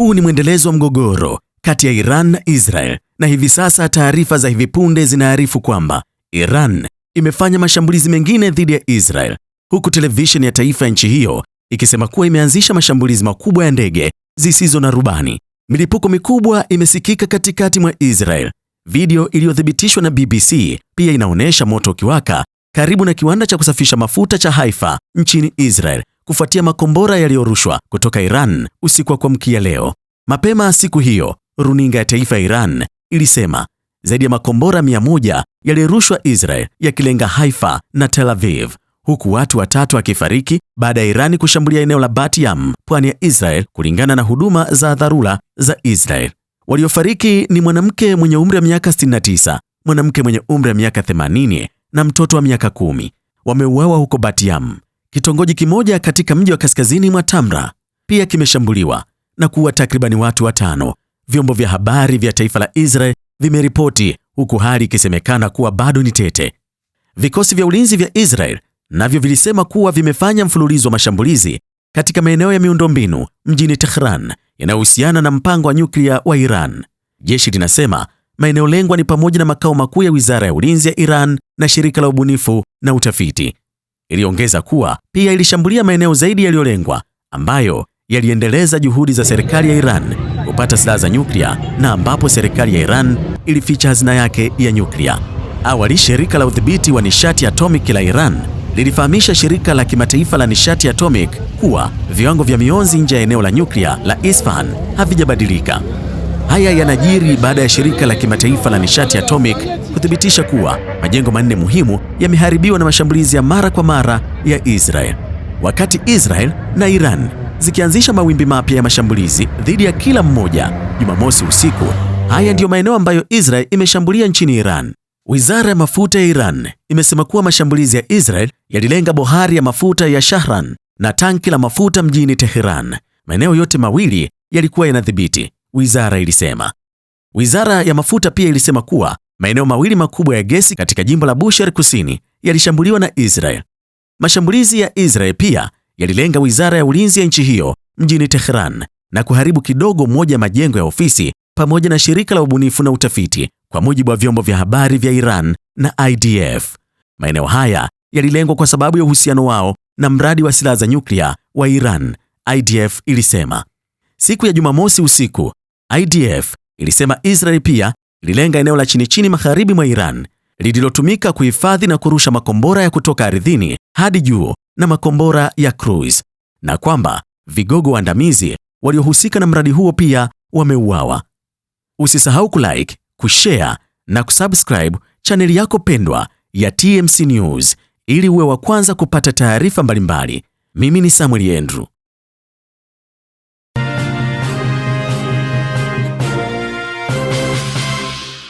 Huu ni mwendelezo wa mgogoro kati ya Iran na Israel, na hivi sasa taarifa za hivi punde zinaarifu kwamba Iran imefanya mashambulizi mengine dhidi ya Israel, huku televisheni ya taifa ya nchi hiyo ikisema kuwa imeanzisha mashambulizi makubwa ya ndege zisizo na rubani. Milipuko mikubwa imesikika katikati mwa Israel. Video iliyothibitishwa na BBC pia inaonyesha moto ukiwaka karibu na kiwanda cha kusafisha mafuta cha Haifa nchini Israel kufuatia makombora yaliyorushwa kutoka Iran usiku wa kuamkia leo. Mapema siku hiyo, runinga ya taifa ya Iran ilisema zaidi ya makombora mia moja yalirushwa Israel yakilenga Haifa na Tel Aviv, huku watu watatu wakifariki baada ya Irani kushambulia eneo la Bat Yam, pwani ya Israel, kulingana na huduma za dharura za Israel. Waliofariki ni mwanamke mwenye umri wa miaka 69, mwanamke mwenye umri wa miaka 80 na mtoto wa miaka kumi. Wameuawa huko Bat Yam. Kitongoji kimoja katika mji wa kaskazini mwa Tamra pia kimeshambuliwa na kuua takribani watu watano, vyombo vya habari vya taifa la Israel vimeripoti, huku hali ikisemekana kuwa bado ni tete. Vikosi vya ulinzi vya Israel navyo vilisema kuwa vimefanya mfululizo wa mashambulizi katika maeneo ya miundombinu mjini Tehran yanayohusiana na mpango wa nyuklia wa Iran. Jeshi linasema maeneo lengwa ni pamoja na makao makuu ya Wizara ya Ulinzi ya Iran na shirika la ubunifu na utafiti Iliongeza kuwa pia ilishambulia maeneo zaidi yaliyolengwa ambayo yaliendeleza juhudi za serikali ya Iran kupata silaha za nyuklia na ambapo serikali ya Iran ilificha hazina yake ya nyuklia. Awali, shirika la udhibiti wa nishati atomic la Iran lilifahamisha shirika la kimataifa la nishati atomic kuwa viwango vya mionzi nje ya eneo la nyuklia la Isfahan havijabadilika. Haya yanajiri baada ya shirika la kimataifa la nishati atomic kuthibitisha kuwa majengo manne muhimu yameharibiwa na mashambulizi ya mara kwa mara ya Israel, wakati Israel na Iran zikianzisha mawimbi mapya ya mashambulizi dhidi ya kila mmoja Jumamosi usiku. Haya ndiyo maeneo ambayo Israel imeshambulia nchini Iran. Wizara ya mafuta ya Iran imesema kuwa mashambulizi ya Israel yalilenga bohari ya mafuta ya Shahran na tanki la mafuta mjini Teheran. Maeneo yote mawili yalikuwa yanadhibiti wizara ilisema. Wizara ya mafuta pia ilisema kuwa maeneo mawili makubwa ya gesi katika jimbo la Bushehr Kusini yalishambuliwa na Israel. Mashambulizi ya Israel pia yalilenga wizara ya ulinzi ya nchi hiyo mjini Tehran na kuharibu kidogo moja majengo ya ofisi pamoja na shirika la ubunifu na utafiti, kwa mujibu wa vyombo vya habari vya Iran na IDF. Maeneo haya yalilengwa kwa sababu ya uhusiano wao na mradi wa silaha za nyuklia wa Iran, IDF ilisema. Siku ya Jumamosi usiku, IDF ilisema Israel pia ililenga eneo la chini chini magharibi mwa Iran lililotumika kuhifadhi na kurusha makombora ya kutoka ardhini hadi juu na makombora ya cruise, na kwamba vigogo waandamizi waliohusika na mradi huo pia wameuawa. Usisahau kulike, kushare na kusubscribe chaneli yako pendwa ya TMC News ili uwe wa kwanza kupata taarifa mbalimbali. Mimi ni Samuel Andrew.